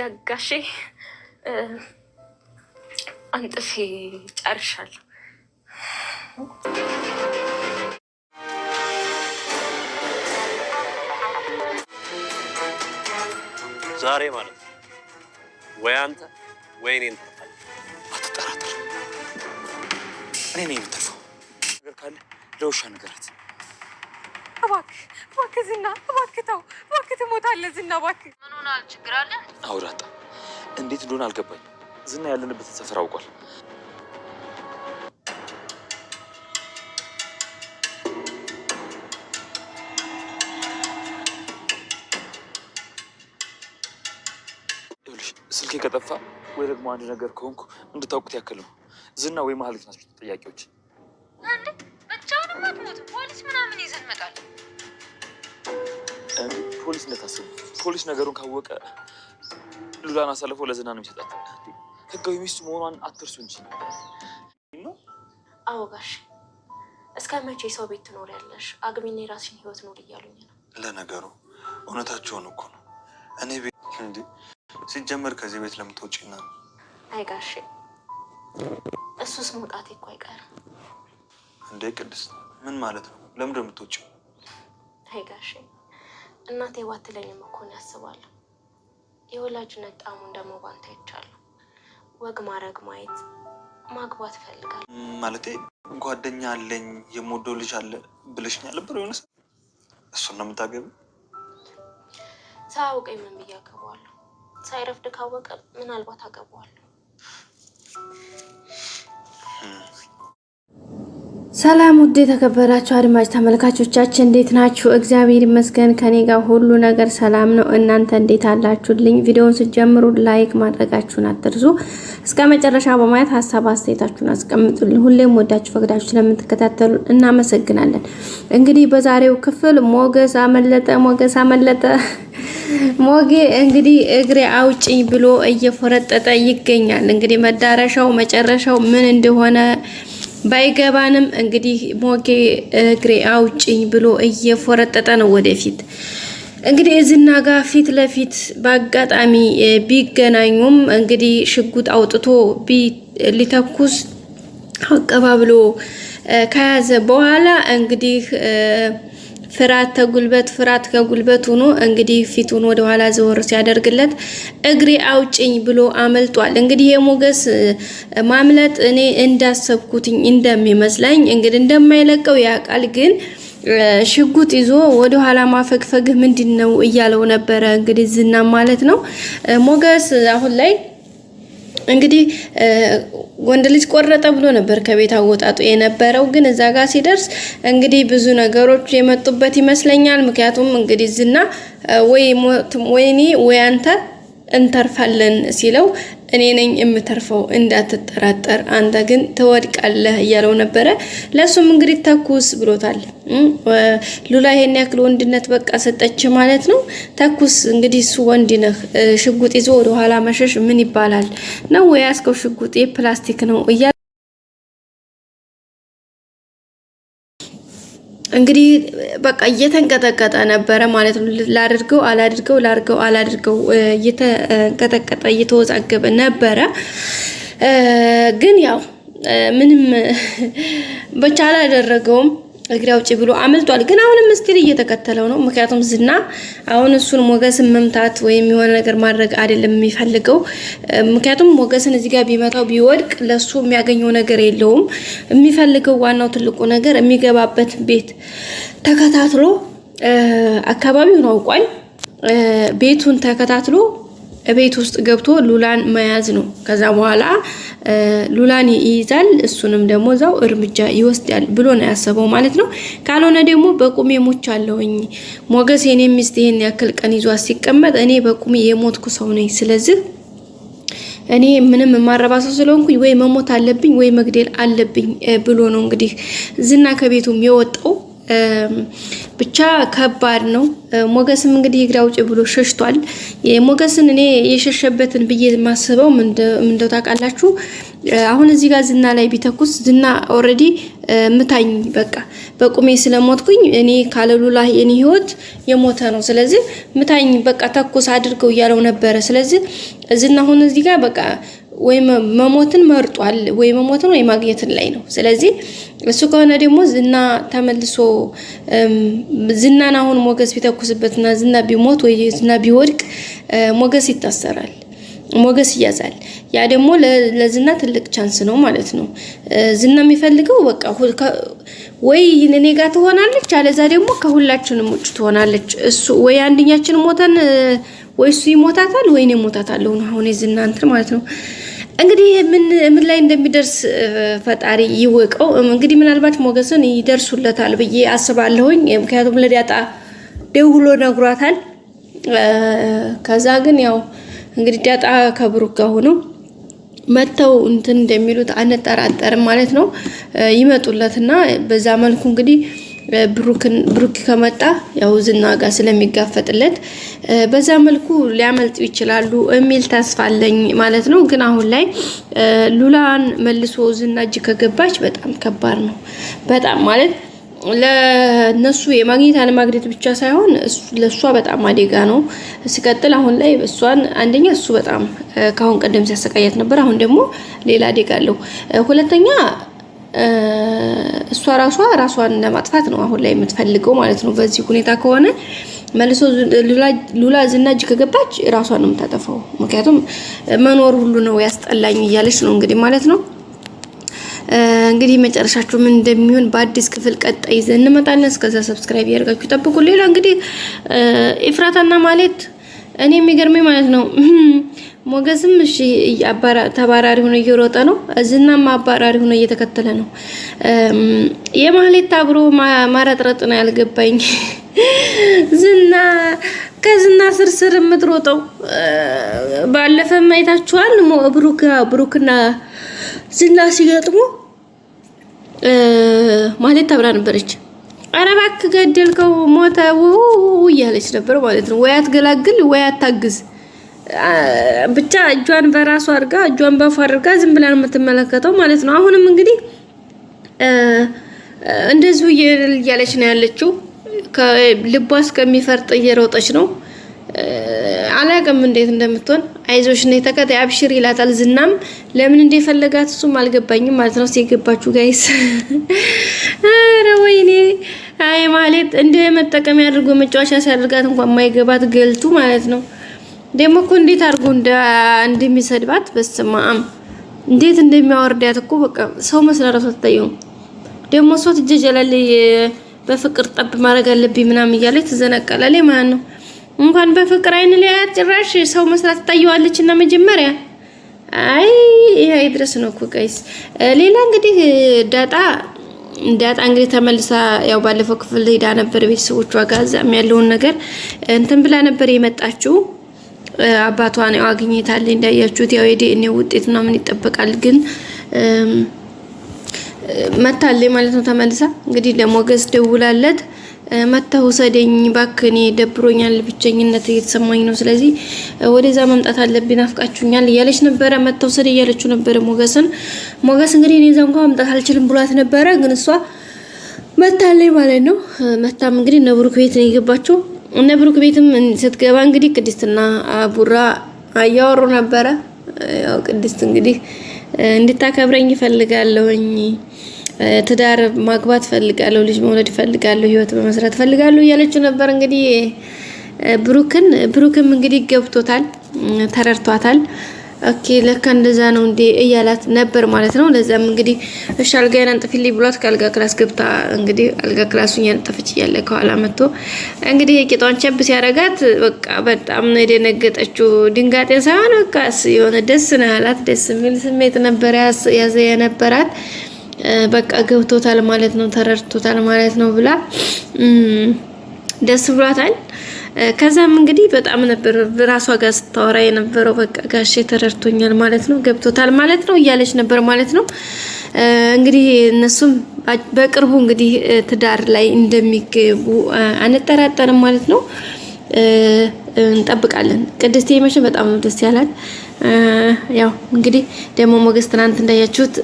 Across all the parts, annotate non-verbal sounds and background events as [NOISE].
ጋጋሼ አንጥፌ ጨርሻለሁ። ዛሬ ማለት ነው ወይ አንተ ወይ እኔ እንጠፋለን። አትጠራጥር፣ እኔ ነኝ የምጠፋው። ነገር ካለ ለውሻ ነገራት። እባክህ እባክህ ዝና እባክህ ተው እባክህ ትሞታለህ ዝና እባክህ ምን ሆነሃል ችግር አለ አውራጣ እንዴት እንደሆነ አልገባኝ ዝና ያለንበትን ሰፈር አውቋል ስልኬ ከጠፋ ወይ ደግሞ አንድ ነገር ከሆንኩ እንድታውቁት ያክል ነው ዝና ወይ መሀሌት ናቸው ተጠያቂዎች አትሞት፣ ፖሊስ ምናምን ይዘን እንመጣለን። ፖሊስ እንዳታስቡ። ፖሊስ ነገሩን ካወቀ ሉላን አሳልፎ ለዝና ነው የሚሰጣት። ህጋዊ ሚስቱ መሆኗን አትርሱ እንጂ አዎ ጋሽ፣ እስከ መቼ ሰው ቤት ትኖር ያለሽ? አግቢና የራስሽን ህይወት ኖር እያሉኝ ነው። ለነገሩ እውነታቸውን እኮ ነው። እኔ ቤት እንዲ ሲጀመር ከዚህ ቤት ለምትወጪና ነው። አይ ጋሽ፣ እሱስ መውጣቴ እኮ አይቀርም እንዴ ቅድስት ምን ማለት ነው? ለምንድን ነው የምትወጪው? አይ ጋሼ እናቴ ባትለኝም እኮ ነው ያስባለሁ። የወላጅነት ጣሙ ደግሞ አይቻለሁ። ወግ ማድረግ ማየት ማግባት ፈልጋል ማለቴ ጓደኛ አለኝ የምወደው ልጅ አለ ብለሽኝ አልነበረ? የሆነ ሰ እሱን ነው የምታገቢ? ሳያውቀኝ ምን ብዬ አገባዋለሁ? ሳይረፍድ ካወቀ ምናልባት አገባዋለሁ። ሰላም ውድ የተከበራችሁ አድማጭ ተመልካቾቻችን እንዴት ናችሁ? እግዚአብሔር ይመስገን ከኔ ጋር ሁሉ ነገር ሰላም ነው። እናንተ እንዴት አላችሁልኝ? ቪዲዮውን ስጀምሩ ላይክ ማድረጋችሁን አትርሱ። እስከ መጨረሻ በማየት ሀሳብ አስተያየታችሁን አስቀምጡልን። ሁሌም ወዳችሁ ፈቅዳችሁ ስለምትከታተሉ እናመሰግናለን። እንግዲህ በዛሬው ክፍል ሞገስ አመለጠ፣ ሞገስ አመለጠ። ሞጌ እንግዲህ እግሬ አውጭኝ ብሎ እየፈረጠጠ ይገኛል። እንግዲህ መዳረሻው መጨረሻው ምን እንደሆነ ባይገባንም እንግዲህ ሞጌ እግሬ አውጭኝ ብሎ እየፎረጠጠ ነው ወደፊት። እንግዲህ እዝና ጋር ፊት ለፊት በአጋጣሚ ቢገናኙም እንግዲህ ሽጉጥ አውጥቶ ሊተኩስ አቀባብሎ ከያዘ በኋላ እንግዲህ ፍርሃት ተጉልበት ፍርሃት ከጉልበት ሆኖ እንግዲህ ፊቱን ወደኋላ ዘወር ሲያደርግለት እግሬ አውጭኝ ብሎ አመልጧል። እንግዲህ የሞገስ ማምለጥ እኔ እንዳሰብኩትኝ እንደሚመስለኝ እንግዲህ እንደማይለቀው ያውቃል ግን ሽጉጥ ይዞ ወደ ኋላ ማፈግፈግህ ምንድን ነው እያለው ነበረ። እንግዲህ ዝና ማለት ነው ሞገስ አሁን ላይ እንግዲህ ወንድ ልጅ ቆረጠ ብሎ ነበር ከቤት አወጣጡ የነበረው። ግን እዛ ጋር ሲደርስ እንግዲህ ብዙ ነገሮች የመጡበት ይመስለኛል። ምክንያቱም እንግዲህ ዝና ወይ ሞት ወይኔ ወይ አንተ እንተርፋለን ሲለው እኔ ነኝ የምተርፈው እንዳትጠራጠር፣ አንተ ግን ትወድቃለህ እያለው ነበረ። ለእሱም እንግዲህ ተኩስ ብሎታል። ሉላ ይሄን ያክል ወንድነት በቃ ሰጠች ማለት ነው። ተኩስ እንግዲህ እሱ ወንድ ነህ። ሽጉጥ ይዞ ወደኋላ መሸሽ ምን ይባላል ነው? የያዝከው ሽጉጥ የፕላስቲክ ነው እያ እንግዲህ በቃ እየተንቀጠቀጠ ነበረ ማለት ነው። ላድርገው አላድርገው ላድርገው አላድርገው እየተንቀጠቀጠ እየተወዛገበ ነበረ። ግን ያው ምንም ብቻ አላደረገውም። እግሬ አውጪ ብሎ አምልጧል። ግን አሁንም ስቲል እየተከተለው ነው። ምክንያቱም ዝና አሁን እሱን ሞገስን መምታት ወይም የሆነ ነገር ማድረግ አይደለም የሚፈልገው። ምክንያቱም ሞገስን እዚህ ጋር ቢመታው ቢወድቅ ለሱ የሚያገኘው ነገር የለውም። የሚፈልገው ዋናው ትልቁ ነገር የሚገባበት ቤት ተከታትሎ አካባቢውን አውቋል። ቤቱን ተከታትሎ ቤት ውስጥ ገብቶ ሉላን መያዝ ነው። ከዛ በኋላ ሉላን ይይዛል፣ እሱንም ደግሞ እዛው እርምጃ ይወስዳል ብሎ ነው ያሰበው ማለት ነው። ካልሆነ ደግሞ በቁሜ ሞች አለውኝ ሞገስ የኔ ሚስት ይሄን ያክል ቀን ይዟት ሲቀመጥ እኔ በቁሜ የሞትኩ ሰው ነኝ። ስለዚህ እኔ ምንም የማረባ ሰው ስለሆንኩኝ ወይ መሞት አለብኝ ወይ መግደል አለብኝ ብሎ ነው እንግዲህ ዝና ከቤቱም የወጣው ብቻ ከባድ ነው። ሞገስም እንግዲህ እግሬ አውጪ ብሎ ሸሽቷል። ሞገስን እኔ የሸሸበትን ብዬ የማስበው ምንደው ታውቃላችሁ? አሁን እዚህ ጋር ዝና ላይ ቢተኩስ ዝና ኦልሬዲ ምታኝ፣ በቃ በቁሜ ስለሞትኩኝ እኔ ካለሉላ የኔ ህይወት የሞተ ነው። ስለዚህ ምታኝ፣ በቃ ተኩስ አድርገው እያለው ነበረ። ስለዚህ ዝና አሁን እዚህ ጋር በቃ ወይ መሞትን መርጧል ወይ መሞትን ወይ ማግኘትን ላይ ነው። ስለዚህ እሱ ከሆነ ደግሞ ዝና ተመልሶ ዝናን አሁን ሞገስ ቢተኩስበትና ዝና ቢሞት ወይ ዝና ቢወድቅ ሞገስ ይታሰራል፣ ሞገስ ይያዛል። ያ ደግሞ ለዝና ትልቅ ቻንስ ነው ማለት ነው። ዝና የሚፈልገው በቃ ወይ እኔ ጋር ትሆናለች፣ አለዛ ደግሞ ከሁላችንም ውጭ ትሆናለች። እሱ ወይ አንድኛችን ሞተን ወይ እሱ ይሞታታል ወይ እኔ ሞታታለሁ። አሁን የዝና እንትን ማለት ነው። እንግዲህ ምን ላይ እንደሚደርስ ፈጣሪ ይወቀው። እንግዲህ ምናልባት ሞገስን ይደርሱለታል ብዬ አስባለሁኝ። ምክንያቱም ለዳጣ ደውሎ ነግሯታል። ከዛ ግን ያው እንግዲህ ዳጣ ከብሩክ ጋር ሆነው መጥተው እንትን እንደሚሉት አንጠራጠርም ማለት ነው። ይመጡለትና በዛ መልኩ እንግዲህ ብሩክ ከመጣ ያው ዝና ጋር ስለሚጋፈጥለት በዛ መልኩ ሊያመልጡ ይችላሉ የሚል ተስፋ አለኝ ማለት ነው። ግን አሁን ላይ ሉላን መልሶ ዝና እጅ ከገባች በጣም ከባድ ነው። በጣም ማለት ለነሱ የማግኘት አለማግኘት ብቻ ሳይሆን ለእሷ በጣም አደጋ ነው። ሲቀጥል አሁን ላይ እሷን አንደኛ እሱ በጣም ከአሁን ቀደም ሲያሰቃያት ነበር። አሁን ደግሞ ሌላ አደጋ አለው። ሁለተኛ እሷ ራሷ ራሷን ለማጥፋት ነው አሁን ላይ የምትፈልገው ማለት ነው። በዚህ ሁኔታ ከሆነ መልሶ ሉላ ዝናጅ ከገባች ራሷን ነው የምታጠፋው። ምክንያቱም መኖር ሁሉ ነው ያስጠላኝ እያለች ነው እንግዲህ ማለት ነው። እንግዲህ መጨረሻችሁ ምን እንደሚሆን በአዲስ ክፍል ቀጣይ ይዘን እንመጣለን። እስከዛ ሰብስክራይብ ያደርጋችሁ ጠብቁ። ሌላ እንግዲህ ኢፍራታና ማለት እኔ የሚገርመኝ ማለት ነው ሞገስም እሺ ተባራሪ ሆኖ እየሮጠ ነው። ዝናም አባራሪ ሆኖ እየተከተለ ነው። የማህሌት አብሮ ማረጥረጥ ነው ያልገባኝ። [LAUGHS] ዝና ከዝና ስርስር የምትሮጠው ባለፈ ማየታችኋል። ብሩክ ብሩክና ዝና ሲገጥሙ ማህሌት አብራ ነበረች። ኧረ እባክህ ገደልከው ሞተ ውው እያለች ነበር ማለት ነው። ወይ አትገላግል ወይ አታግዝ ብቻ እጇን በራሱ አድርጋ እጇን በፏ አድርጋ ዝም ብላ ነው የምትመለከተው ማለት ነው። አሁንም እንግዲህ እንደዚሁ እያለች ነው ያለችው። ልቧ እስከሚፈርጥ እየሮጠች ነው። አላቅም እንዴት እንደምትሆን አይዞሽ ነ ተከታይ አብሽር ይላታል። ዝናም ለምን እንደፈለጋት እሱም አልገባኝም ማለት ነው። ሲገባችሁ ጋይስ፣ ኧረ ወይኔ አይ ማለት እንደ መጠቀሚያ አድርጎ መጫወቻ ሲያደርጋት እንኳን ማይገባት ገልቱ ማለት ነው። ደግሞ እኮ እንዴት አድርጎ እንደሚሰድባት በስመ አብ እንዴት እንደሚያወርዳት እኮ በቃ ሰው መስላ እራሱ አትታየውም። ደግሞ እሷ ትጀጀላለች። በፍቅር ጠብ ማድረግ አለብኝ ምናምን እያለች ትዘናቀላለች ማለት ነው። እንኳን በፍቅር አይን ላይ ጭራሽ ሰው መስላ ትታየዋለች። እና መጀመሪያ አይ ይሄ ድረስ ነው እኮ ጋይስ። ሌላ እንግዲህ ዳጣ ዳጣ እንግዲህ ተመልሳ ያው ባለፈው ክፍል ሄዳ ነበር ቤተሰቦቿ ጋር እዛም ያለውን ነገር እንትን ብላ ነበር የመጣችው አባቷን ያው አግኝታለች። እንዳያችሁት ያው የዲኤንኤ ውጤት ምናምን ይጠበቃል ግን መታለች ማለት ነው። ተመልሳ እንግዲህ ለሞገስ ደውላለት መታው ውሰደኝ እባክህ፣ እኔ ደብሮኛል፣ ብቸኝነት እየተሰማኝ ነው። ስለዚህ ወደዛ መምጣት አለብኝ፣ ናፍቃችሁኛል እያለች ነበረ። መተው ውሰድ እያለችው ነበረ ሞገስን። ሞገስ እንግዲህ እኔ እዛ እንኳን መምጣት አልችልም ብሏት ነበረ፣ ግን እሷ መታለች ማለት ነው። መታም እንግዲህ እነ ብሩክ ቤት ነው የገባችው። እነ ብሩክ ቤትም ስትገባ እንግዲህ ቅድስትና ቡራ እያወሩ ነበረ። ያው ቅድስት እንግዲህ እንድታከብረኝ እፈልጋለሁኝ፣ ትዳር ማግባት ፈልጋለሁ ልጅ መውለድ ፈልጋለሁ ህይወት በመስራት ፈልጋለሁ እያለችው ነበር እንግዲህ ብሩክን ብሩክም እንግዲህ ገብቶታል፣ ተረድቷታል። ኦኬ ለካ እንደዛ ነው እንዴ እያላት ነበር ማለት ነው። ለዛም እንግዲህ እሺ አልጋዬን አንጥፊልኝ ብሏት ከአልጋ ክላስ ገብታ እንግዲህ አልጋ ክላሱን ያንጠፈች እያለ ከኋላ መጥቶ እንግዲህ የቂጧን ቸብ ሲያረጋት በቃ በጣም ነው የደነገጠችው። ድንጋጤን ሳይሆን በቃ የሆነ ደስ ነው ያላት ደስ የሚል ስሜት ነበር ያዘ የነበራት በቃ ገብቶታል ማለት ነው ተረድቶታል ማለት ነው ብላ ደስ ብሏታል። ከዛም እንግዲህ በጣም ነበር ራሷ ጋር ስታወራ የነበረው። በቃ ጋሼ ተረድቶኛል ማለት ነው ገብቶታል ማለት ነው እያለች ነበር ማለት ነው። እንግዲህ እነሱም በቅርቡ እንግዲህ ትዳር ላይ እንደሚገቡ አንጠራጠርም ማለት ነው። እንጠብቃለን። ቅድስት መቼም በጣም ነው ደስ ያላል። ያው እንግዲህ ደግሞ ሞገስ ትናንት እንዳያችሁት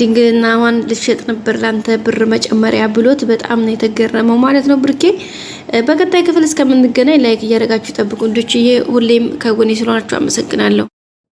ድንግልናዋን ልሸጥ ነበር ላንተ ብር መጨመሪያ ብሎት በጣም ነው የተገረመው ማለት ነው ብርኬ። በቀጣይ ክፍል እስከምንገናኝ ላይክ እያደረጋችሁ ጠብቁ። እንዶችዬ ሁሌም ከጎኔ ስለሆናችሁ አመሰግናለሁ።